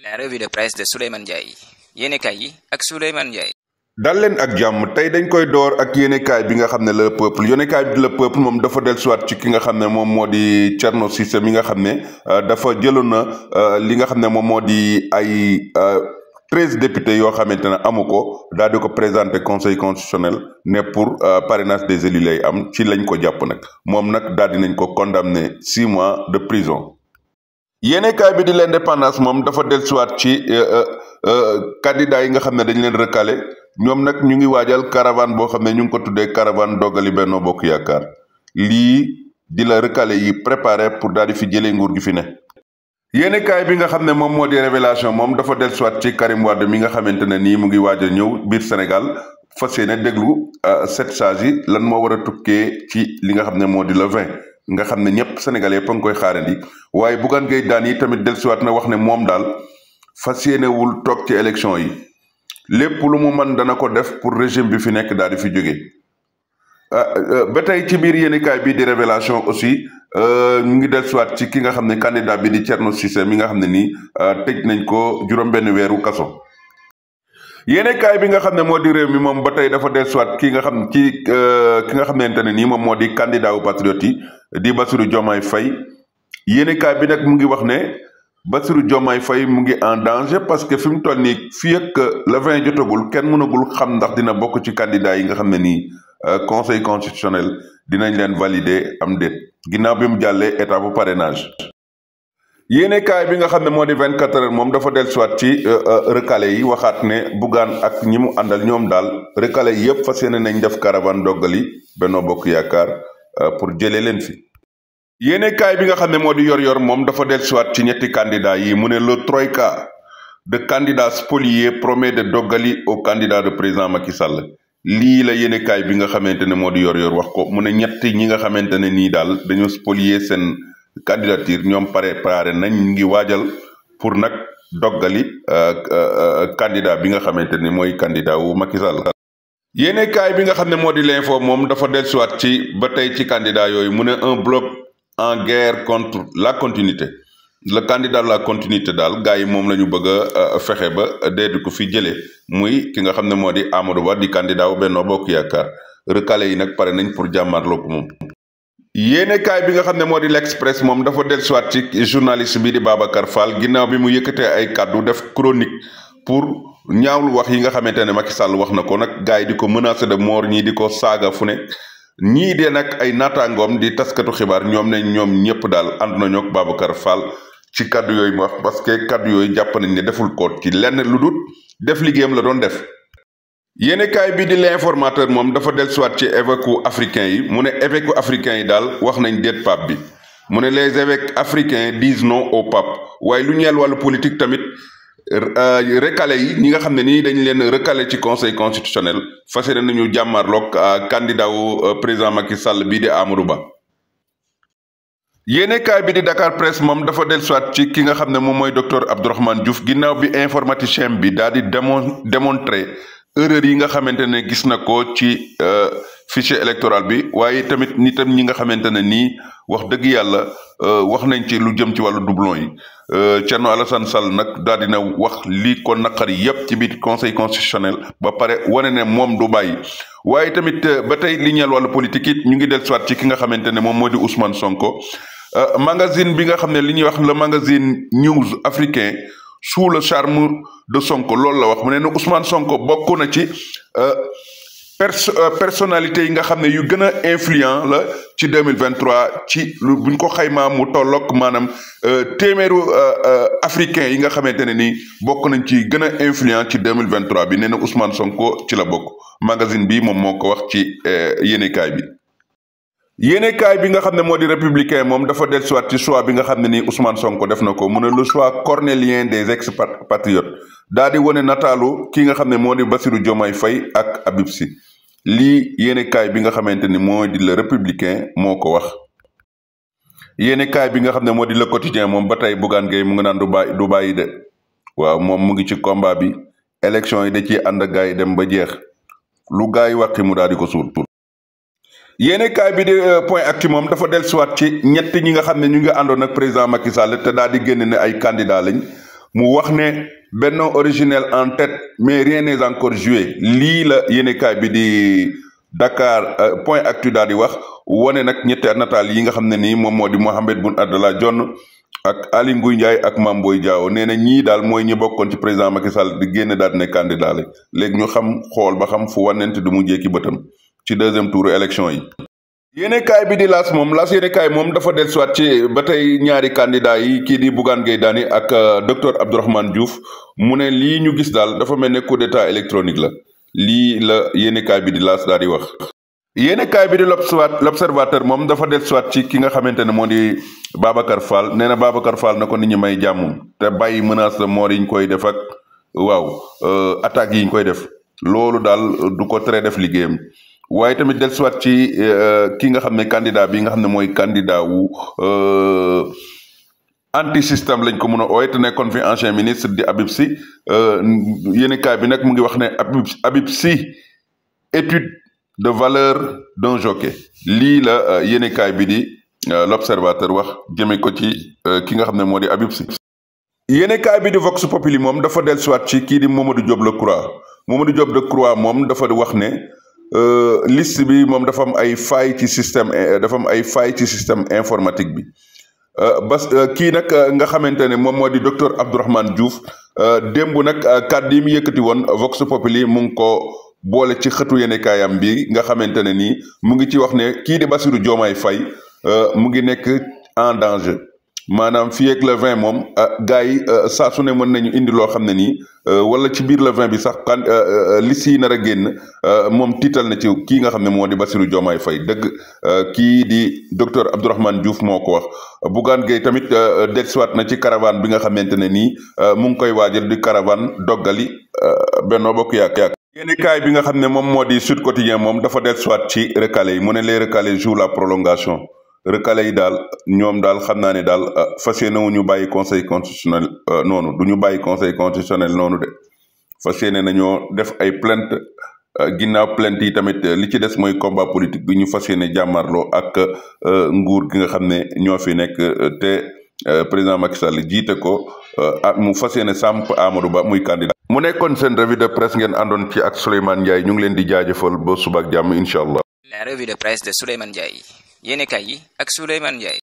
la revue de presse de Souleymane Ndiaye yéenekaay yi ak Souleymane Ndiaye dal leen ak jàmm tey dañ koy door ak yéenekaay bi nga xam ne le peuple yéenekaay bi le peuple moom dafa dellusiwaat ci ki nga xam ne moom moo di Thierno Cissé mi nga xam ne euh, dafa jëloon na euh, li nga xam ne moom moo di ay euh, treize députés yoo xamante ne amu ko daal di ko présenter conseil constitutionnel ne pour parrainage des élus lay am ci lañ ko jàpp nag moom nag daal di nañ ko condamné six mois de prison. yéenekaay bi di l'indépendance moom dafa dellusiwaat ci euh, euh, euh, candidat yi nga xam ne dañ leen recalé ñoom nag ñu ngi waajal caravane boo xam ne ñu ngi ko tuddee caravane dogali Benno Bokk Yaakaar lii di la recalé yi préparé pour daal di fi jëlee nguur gi fi ne. yéenekaay bi nga xam ne moom moo di révélation moom dafa dellusiwaat ci Karim Wade mi nga xamante ne nii mu ngi waaj ñëw biir Sénégal fas yéene déglu sept sages yi lan moo war a tukkee ci li nga xam ne moo di le vingt. nga xam ne ñëpp sénégalais yëpp a ngi koy xaarandi waaye Bougane Gueye Dany yi tamit dellusiwaat na wax ne moom daal fas yéenewul toog ci élection yi lépp lu mu mën dana ko def pour régime bi fi nekk daal di fi jóge ah, euh, ba tey ci biir yéenekaay bi di révélation aussi euh, ñu ngi dellusiwaat ci ki nga xam ne candidat bi di Thierno Cissé mi nga xam ne nii euh, tëj nañ ko juróom-benn weeru kaso yéene bi nga xam ne moo di réew mi moom ba tey dafa dellusiwaat ki nga xam ki euh, ki nga xamante ne nii moom moo di candidat wu patriote yi di Bassirou Diomaye Faye yéene bi nag mu ngi wax ne Bassirou Diomaye Faye mu ngi en danger parce que fi mu toll nii fii ak le jotagul kenn mënagul xam ndax dina bokk ci candidat yi nga xam ne nii euh, conseil constitutionnel dinañ leen valider am déet ginnaaw bi mu jàllee état bu parrainage. yéenekaay bi nga xam ne moo di 24 heures moom dafa dellusiwaat ci euh, euh, recalés yi waxaat ne bugaan ak ñi mu àndal ñoom daal recalés yëpp fa yéene nañ def caravane doggali Benno Bokk Yaakaar euh, pour jëlee leen fi. yéenekaay bi nga xam ne moo di yor-yor moom dafa dellusiwaat ci ñetti candidats yi mu ne le troïka de candidats spoliés promet de doggali au candidat de président Macky Sall lii la yenekaay bi nga xamante ne moo di yor-yor wax ko mu ne ñetti ñi nga xamante ne nii daal dañoo spolier seen. candidature ñoom pare pare nañ ñu ngi waajal pour nag doggali euh, euh, euh, candidat bi nga xamante ni mooy candidat wu Macky Sall. yéene kaay bi nga xam ne moo di l'info moom dafa dellusiwaat ci ba tey ci candidat yooyu mu ne un bloc en guerre contre la continuité le candidat la continuité daal gars yi moom la ñu bëgg a fexe ba déedéet ko fi jëlee muy ki nga xam ne moo di Amadou Ba di candidat wu Benno Bokk Yaakaar recalé yi nag pare nañ pour jàmmarloo ko moom. kaay bi nga xam ne moo di l'Express moom dafa dellusiwaat ci journaliste bi di Babacar Fall ginnaaw bi mu yëkkatee ay kàddu def chronique pour ñaawlu wax yi nga xamante ne Macky Sall wax na ko nag gars di ko menacer de moor ñii di ko saaga fu ne ñii de nag ay naataangoom di taskatu xibaar ñoom ne ñoom ñëpp daal ànd nañoo ak Babacar Fall ci kàddu yooyu wax parce que kàddu yooyu jàpp nañ ne deful ko ci lenn lu dul def liggéeyam la doon def. yéenekaay bi di l'informateur moom dafa dellusiwaat ci évêques africains yi mu ne évêques africain yi daal wax nañ déet pape bi mu ne les évêques africain disent non au pape waaye lu ñeel wàllu politique tamit euh, recalé yi ñi nga xam ne nii dañ leen recalé ci conseil constitutionnel fas yéene nañu jàmmarloog euh, candidat wu euh, président Macky Sall bii di Amadou Ba. yéenekaay bi di Dakar Presse moom dafa dellusiwaat ci ki nga xam ne moom mooy docteur Abdourahmane Diouf ginnaaw bi informaticien bi daal di démon démontré. erreur yi nga xamante ne gis na ko ci euh, fichier électoral bi waaye tamit ni tam ñi nga xamante ne nii wax dëgg yàlla euh, wax nañ ci lu jëm ci wàllu doublon yi euh, Thierno Alassane Sall nag daal dina wax lii ko naqari yépp ci biir conseil constitutionnel ba pare wane ne moom du bàyyi waaye tamit ba tey li ñeel wàllu politique it ñu ngi del soit ci ki nga xamante ne moom moo di Ousmane Sonko magazine bi nga xam ne li ñuy wax le magazine news africain sous le charme de Sonko loolu la wax mu ne ne Ousmane Sonko bokk na ci euh, euh, personnalité yi nga xam ne yu gën a influent la ci 2023 ci buñ ko xayma mu tolloog maanaam euh, téeméeru africain yi nga xamante ne nii bokk nañ ci gën a influent ci 2023 bi nee na Ousmane Sonko ci la bokk magasin bi moom moo ko wax ci yéenekaay bi yéenekaay bi nga xam ne moo di républicain moom dafa dellusiwaat ci choix bi nga xam ne nii Ousmane Sonko def na ko mu ne le choix cornélien des ex patriotes daa di wane nataalu ki nga xam ne moo di Bassirou Diomaye Faye ak Habib Sy lii yéenekaay bi nga xamante ni moo di le républicain moo ko wax. yéenekaay bi nga xam ne moo di le quotidien moom ba tey Bougane Gueye mu ngi naan du bàyyi du bàyyi de waaw moom mu ngi ci combat bi élection yi da ciy ànd yi dem ba jeex lu gars yi waxi mu daal di ko suul. yéene kaay bi di euh, point actu moom dafa dellusiwaat ci ñett ñi nga xam ne ñu ngi àndoon ak président Macky Sall te daal di génn ne ay candidat lañ mu wax ne Benno originel en tête mais rien n'est encore joué lii la yéene kaay bi di Dakar euh, point actu daal di wax wane nag ñetti nataal yi nga xam ne nii moom moo di Mohamed Boun Abdallah Dionne ak Aly Ngouille Ndiaye ak Mame Boye Diao nee na ñii daal mooy ñu bokkoon ci président Macky Sall di génne daal di ne candidat la ñu xam xool ba xam fu wanente du mujjee ki bëtam ci deuxième tour élection yi. yéene kaay bi di laas moom laas yéene kaay moom dafa del soit ci ba tey ñaari candidat yi kii di Bougane Gueye Dany ak euh, docteur Abdourahmane Diouf mu ne lii ñu gis daal dafa mel ne coup électronique la lii la yéene kaay bi di laas daal di wax. yéene kaay bi di l'observateur moom dafa del soit ci ki nga xamante ne moo di Babacar Fall nee na Babacar Fall na ko ni ñi may jàmm te bàyyi mënaas de mort yi koy def ak waaw euh, attaques yi ñu koy def loolu daal du ko tere def liggéeyam. waaye tamit dellusiwaat ci euh, ki nga xam ne candidat bi nga xam ne mooy candidat wu euh, anti système lañ ko mën a ooye te nekkoon fi ancien ministre di Habib Sy euh, yéen kaay bi nag mu ngi wax ne Habib Habib Sy étude de valeur d'un jockey lii la yéen kaay bi di l'observateur wax jëme ko ci ki nga xam ne moo di Habib Sy yéene kaay bi di Vox Populi moom dafa dellusiwaat ci kii di Mamadou Diop Decroix Mamadou Diop Decroix moom dafa wax ne Euh, liste bi moom dafa am ay failles ci système dafa am ay failles ci système informatique bi euh, bas euh, kii nag nga xamante ne moom moo di docteur Abdourahmane Diouf démb nag kàddu yi mu yëkkati woon Vox Populi mu ngi ko boole ci xëtu yenekaayam bi nga xamante ne nii mu ngi ci wax ne kii di Bassirou Diomaye Faye mu ngi nekk en danger maanaam fii ak le vingt moom euh, gars yi euh, saa su ne mën nañu indi loo xam ne nii euh, wala ci biir le vingt bi sax kan liste yi nar a génn moom tiital na ci kii nga xam ne moo di Bassirou Diomaye Faye dëgg kii di docteur Abdourahmane Diouf moo ko wax Bougane Gueye tamit dellusiwaat na ci caravane bi nga xamante ne nii mu ngi koy waajal di caravane doggali Benno Bokk Yaakaar yéeni kaay bi nga xam ne moom moo di Sud Quotidien moom dafa dellusiwaat ci recalés yi mu ne les recalés jouent la prolongation recalé yi daal ñoom daal xam naa ne daal euh, fas yéene wu ñu bàyyi conseil constitutionnel euh, noonu du ñu bàyyi conseil constitutionnel noonu de fas yéene nañoo def ay plainte euh, ginnaaw plainte yi tamit li ci des mooy combat politique bi ñu fas yéene jàmmarloo ak nguur gi nga xam ne ñoo fi nekk te président Macky Sall jiite ko mu fas yéene samp Amadou Ba muy candidat. mu nekkoon seen revue de presse ngeen àndoon ci ak Souleymane Ndiaye ñu ngi leen di jaajëfal ba suba ak jàmm incha allah. la revue de yéenekaay yi ak Souleymane Ndiaye